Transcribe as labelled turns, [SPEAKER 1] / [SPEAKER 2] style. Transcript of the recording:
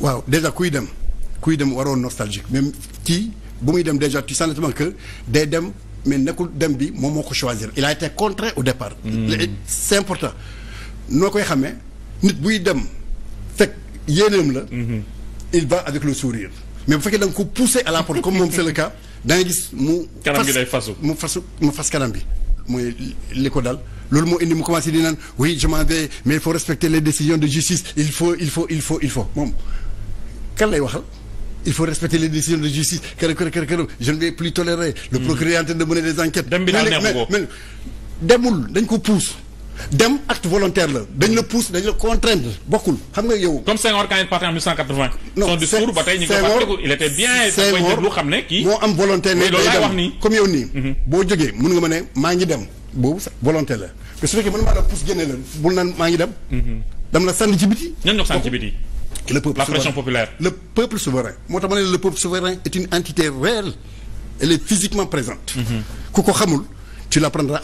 [SPEAKER 1] waaw déjà kuy dem kuy dem waroon nostalgique même kii bu muy dem déjà tu sens nettement que day dem mais nekkul dem bi moom moo ko choisir il a été contraint au départ. Hmm. c'est important noo koy xamee nit buy dem fekk yéeneem la. Hmm. il va avec le sourire. mais bu fekkee da nga ko pousser à la porte comme moom c'est le cas da gis mu. fas gi day mu fas kanam bi. mooy li ko dal loolu moo indi mu commencé di naan oui je m'en mais il faut respecter les décisions de kan lay waxal il faut respecter les décisions de justice keroog keroog keroog je ne vais plus tolérer. le hmm. procureur en de mener des enquêtes. dem bi demul dañ ko pousse. dem xam nga yow. comme Senghor quand il partait ne kii. moo am volonté ne dem mhm. boo jógee mun nga maa ngi dem boobu sax la te su fekkee man maa la pousse maa ngi dem. Mhm. dama la sànni ci biti. ñan ñoo sànni ci biti. la pression populaire le peuple souverain moo tax ma ne le peuple souverain est une entité réelle elle est physiquement présente mm-hmm. ku tu l'apprendras